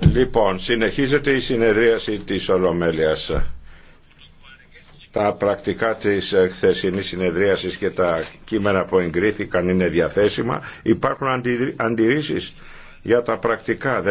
Λοιπόν, συνεχίζεται η συνεδρίαση της Ολομέλειας. Τα πρακτικά της χθεσινής συνεδρίασης και τα κείμενα που εγκρίθηκαν είναι διαθέσιμα. Υπάρχουν αντιρρήσεις για τα πρακτικά.